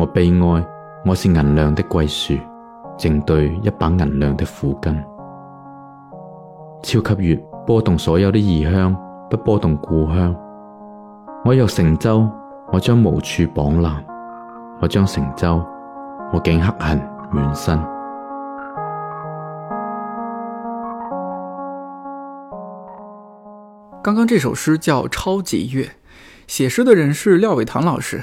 我悲哀，我是銀亮的桂樹，正對一把銀亮的斧根。超級月波動所有的異鄉，不波動故鄉。我若成舟，我將無處綁纜；我將成舟，我竟黑痕滿身。剛剛這首詩叫《超級月》，寫詩的人是廖偉棠老師。